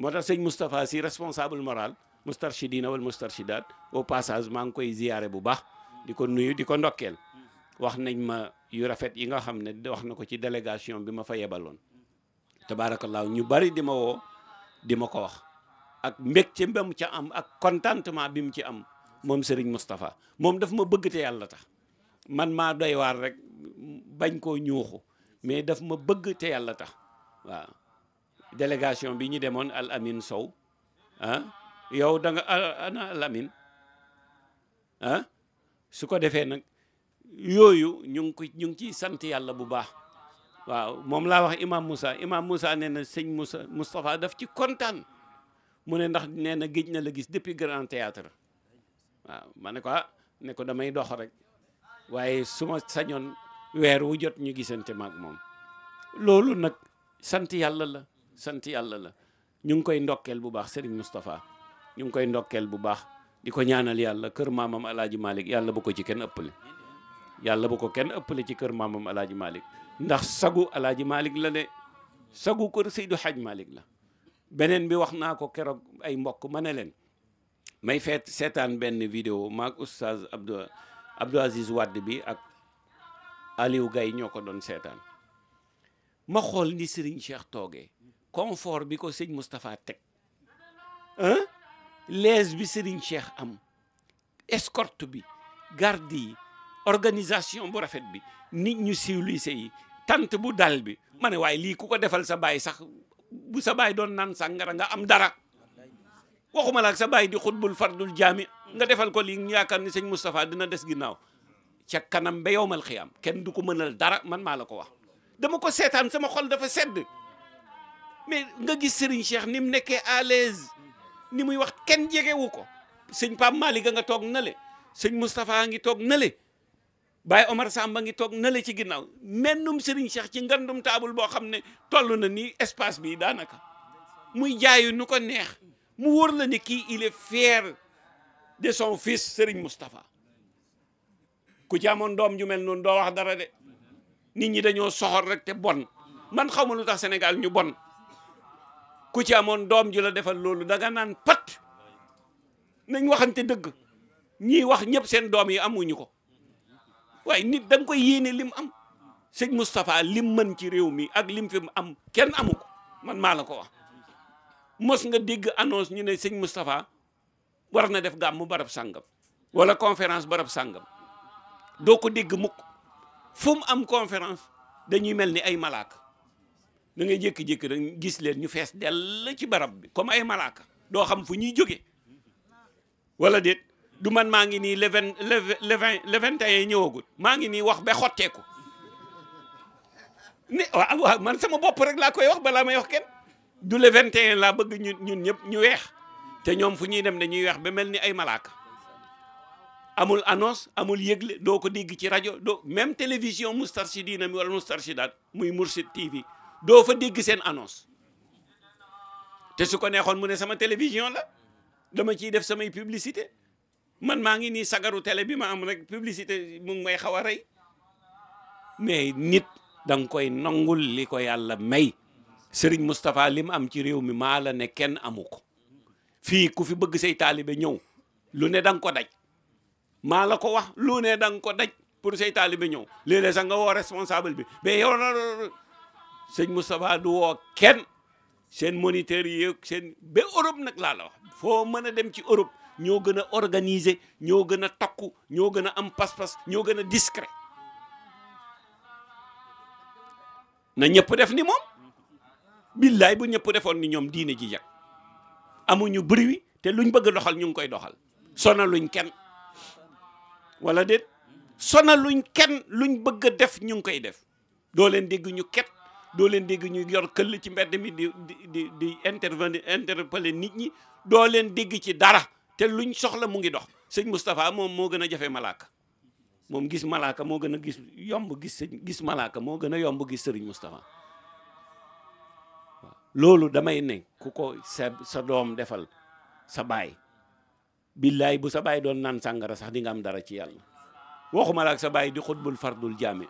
moo tax sëñ Moustapha si responsable moral Moustarchidina wal Moustarchidat au passage maa ngi koy ziyaare bu baax di ko nuyu di ko ndokkeel wax nañ ma yu rafet yi nga xam ne wax na ko ci délégation bi ma fa yebaloon tabaarakallaahu ñu bari di ma woo di ma ko wax ak mbégte ba mu ca am ak contentement bi mu ci am moom Serigne Moustapha moom daf ma bëgg te yàlla tax man maa doy waar rek bañ koo ñuuxu mais daf ma bëgg te yàlla tax délégation bi ñu demoon al amin sow ah, yow danga nga ah, ana al amin ah su ko defee nag yooyu ñu ngi ko ñu ngi ciy sant yàlla bu baax waaw moom laa wax imam Moussa imam Moussa nee na sëñ Moussa Moustapha daf ci kontaan mu ne ndax nee na géej na la gis depuis grand théâtre waaw ma ne ko ah ne ko damay dox rek waaye su ma sañoon weer wu jot ñu gisante maag moom loolu nag sant yàlla la sant yàlla la ñu ngi koy ndokkeel bu baax Serigne Moustapha ñu ngi koy ndokkeel bu baax di ko ñaanal yàlla kër maamam alaaji Malick yàlla bu ko ci kenn ëppale yàlla bu ko kenn ëppale ci kër maamam alaaji Malick ndax sagu alaaji Malick la de sagu kër Seydou Hadj Malick la beneen bi wax naa ko keroog ay mbokk ma ne leen may feet seetaan benn vidéo maag oustaz Abdou Aziz Wade bi ak Aliou Gaye ñoo ko doon seetaan ma xool ni Serigne Cheikh toogee confort bi ko sëñ Moustapha teg ah lees bi Serigne Cheikh am escorte bi garde yi organisation bu rafet bi nit ñu civilisé yi tant bu dal bi ma ne waaye lii ku ko defal sa baay sax bu sa baay doon naan sàngara nga am dara waxuma la ak sa baay di xutbul fardul jaami nga defal ko lii yaakaar ni sëñ Moustapha dina des ginnaaw ca kanam ba yowmal xiyaam kenn du ko mënal dara man maa la ko wax dama ko seetaan sama xol dafa sedd mais nga gis Serigne Cheikh ni mu nekkee à l'aise ni muy wax kenn jegewu ko sëñ Pape Malick nga toog na le sëñ Moustapha ngi toog na le Baye Omar Samba ngi toog na le ci ginnaaw mennum Serigne Cheikh ci ngandum taabul boo xam ne toll na ni espace bi daanaka muy jaayu nu ko neex mu wóor la ni kii ile est fier de son fils Serigne Moustapha ku ci amoon doom ju mel noonu doo wax dara de nit ñi dañoo soxor rek te bon man xaw ma lu tax Sénégal ñu bon ku ci amoon doom ju la defal loolu danga naan pat nañ waxante dëgg ñiy wax ñëpp seen doom yi amuñu ko waaye nit da koy yéene lim am sëñ Moustapha lim mën ci réew mi ak lim fi mu am kenn amu ko man maa la ko wax mos nga dégg annonce ñu ne sëñ Moustapha war na def gàmmu barab sàngam wala conférence barab sàngam doo ko dégg mukk fu am conférence dañuy mel ni ay malaak da ngay jékki-jékki rek gis leen ñu fees dell ci barab bi comme ay malaaka doo xam fu ñuy jóge walla déet du man maa ngi nii leven vingt le vingt le ñëwagul maa ngi nii wax ba xotteeku ne waaw waaw man sama bopp rek laa koy wax balaa ma yox kenn du le vingt et un laa bëgg ñun ñun ñëpp ñu weex te ñoom fu ñuy dem na ñuy weex ba mel ni ay malaaka amul annonce amul yëgle doo ko dégg ci rajo doo même télévision Moustarchidina mi wala Moustarchidaat muy Mourchid TV doo fa dégg seen annonce te su ko neexoon mu ne sama télévision la dama ciy def samay publicité man maa ngi nii sagaru télé bi ma am rek publicité mu may xaw a rey mais nit da koy nangul li ko yàlla may sëriñ Moustapha li mu am ci réew mi maa la ne kenn amu ko fii ku fi bëgg say taalibe ñëw lu ne dang ko daj maa la ko wax lu ne dang nga ko daj pour say taalibe ñëw léeg-léeg sax woo responsable bi mais sëñ Moustapha du woo kenn seen moniteurs yi seen ba Europe nag laa la wax foo mën a dem ci Europe ñoo gën a organiser ñoo gën a takku ñoo gën a am pas-pas ñoo gën a discret na ñëpp def ni moom billaay bu ñëpp defoon ni ñoom diine ji jag amuñu bruit te luñ bëgg doxal ñu ngi koy doxal sonaluñ kenn wala déet sonaluñ kenn luñ bëgg a def ñu ngi koy def doo leen ket doo leen dégg ñu yor këll ci mbedd mi di di di intervenir interpeller nit ñi doo leen dégg ci dara te luñ soxla mu ngi dox sëñ Moustapha moom moo gën a jafe malaaka moom gis malaaka moo gën a gis yomb gis gis malaaka moo gën a yomb gis sëriñ Moustapha waaw loolu damay ne ku ko sa sa doom defal sa baay billaay bu sa baay doon naan sàngara sax di nga am dara ci yàlla waxuma la ak sa baay di xutbul fardul jaami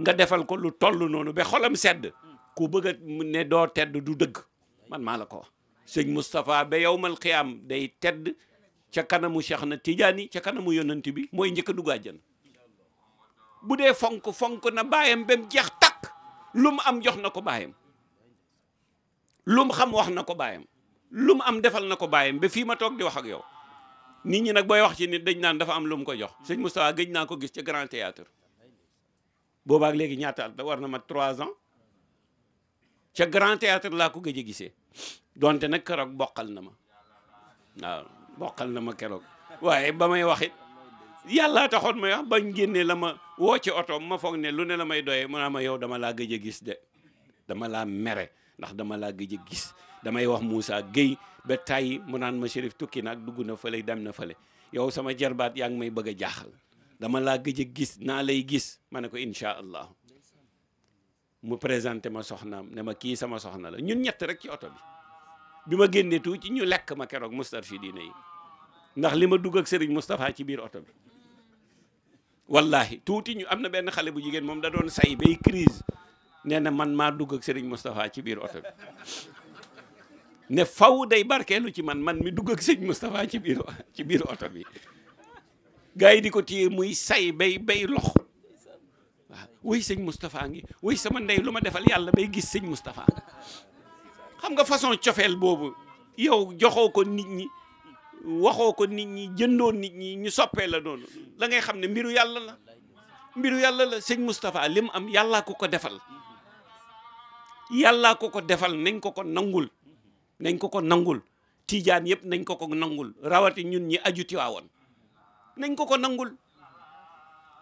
nga defal ko lu toll noonu ba xolam sedd ku bëgg a ne doo tedd du dëgg man maa la ko wax sëñ Moustapha ba yowmal xiyaam day tedd ca kanamu Cheikh na Tidiane ca kanamu yonent bi mooy njëkk a dugg bu dee fonk fonk na baayam be mu jeex takk lu mu am jox na ko baayam lum mu xam wax na ko baayam lu mu am defal na ko baayam ba fii ma toog di wax ak yow nit ñi nag booy wax ci nit dañ naan dafa am lu mu ko jox sëñ Moustapha gëñ naa ko gis ca Grand Théâtre boobaak léegi ñaata at war na ma trois ans ca grand théâtre laa ko gëj a gisee donte nag keroog boqal na ma waaw boqal na ma keroog waaye ba may waxit yàllaa taxoon may wax bañ génnee la ma woo ci oto ma foog ne lu ne la may doye mu naa ma yow dama laa gëj a gis de dama laa mere ndax dama laa gëj a gis damay wax Moussa Gueye ba tàyyi mu naan ma Chérif tukki nag dugg na fële dem na fale yow sama jarbaat yaa ngi may bëgg a jaaxal dama laa gëj gis naa lay gis ma ne ko incha allah mu présente ma soxnaam ne ma kii sama soxna la ñun ñett rek ci oto bi bi ma génnee tuuti ñu lekk ma keroog mustarshidina yi ndax li ma dugg ak Serigne Moustapha ci biir oto bi wallahi tuuti ñu am na benn xale bu jigéen moom da doon say bay crise nee na man maa dugg ak Serigne ci biir oto bi ne faw day barkeelu ci man man mi dugg ak Serigne Moustapha ci biir ci biir oto bi gars yi di ko téye muy say bay bay lox waaw woy sëñ Moustapha ngi woy sama ndey lu ma defal yàlla bay gis sëñ Moustapha xam nga façon cofeel boobu yow joxo ko nit ñi waxoo ko nit ñi jëndoo nit ñi ñu soppee la doon la ngay xam ne mbiru yàlla la mbiru yàlla la sëñ Moustapha li mu am yàllaa ko ko defal yàllaa ko ko defal nañ ko ko nangul nañ ko ko nangul tiijaan yëpp nañ ko ko nangul rawati ñun ñi aju Tiwaawoon nañ ko ko nangul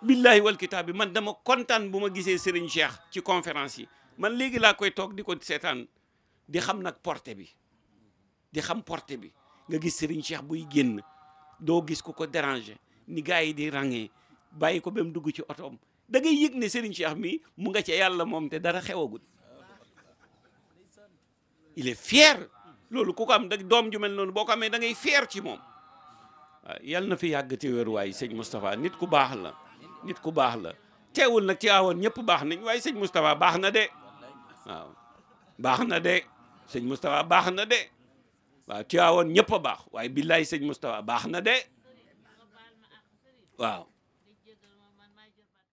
billahi wal bi man dama kontaan bu ma gisee Serigne Cheikh ci conférence yi man léegi laa koy toog di ko seetaan di xam nag porté bi di xam porté bi nga gis Serigne Cheikh buy génn doo gis ku ko déranger ni gars yi di ràngee bàyyi ko ba dugg ci otoom da ngay yëg ne Serigne Cheikh mi mu nga ca yàlla moom te dara xewagul il est fier loolu ku ko am da doom ju mel noonu boo ko amee da ngay fier ci moom Ah, yal na fi yàgg ci wéruwaay sëñ Moustapha nit ku baax la nit ku baax la teewul na ci awoon ñëpp baax nañ waaye sëñ Moustapha baax na de waaw baax na de sëñ Moustapha baax na de waaw ci awoon ñëpp baax waaye billaay sëñ Moustapha baax na de waaw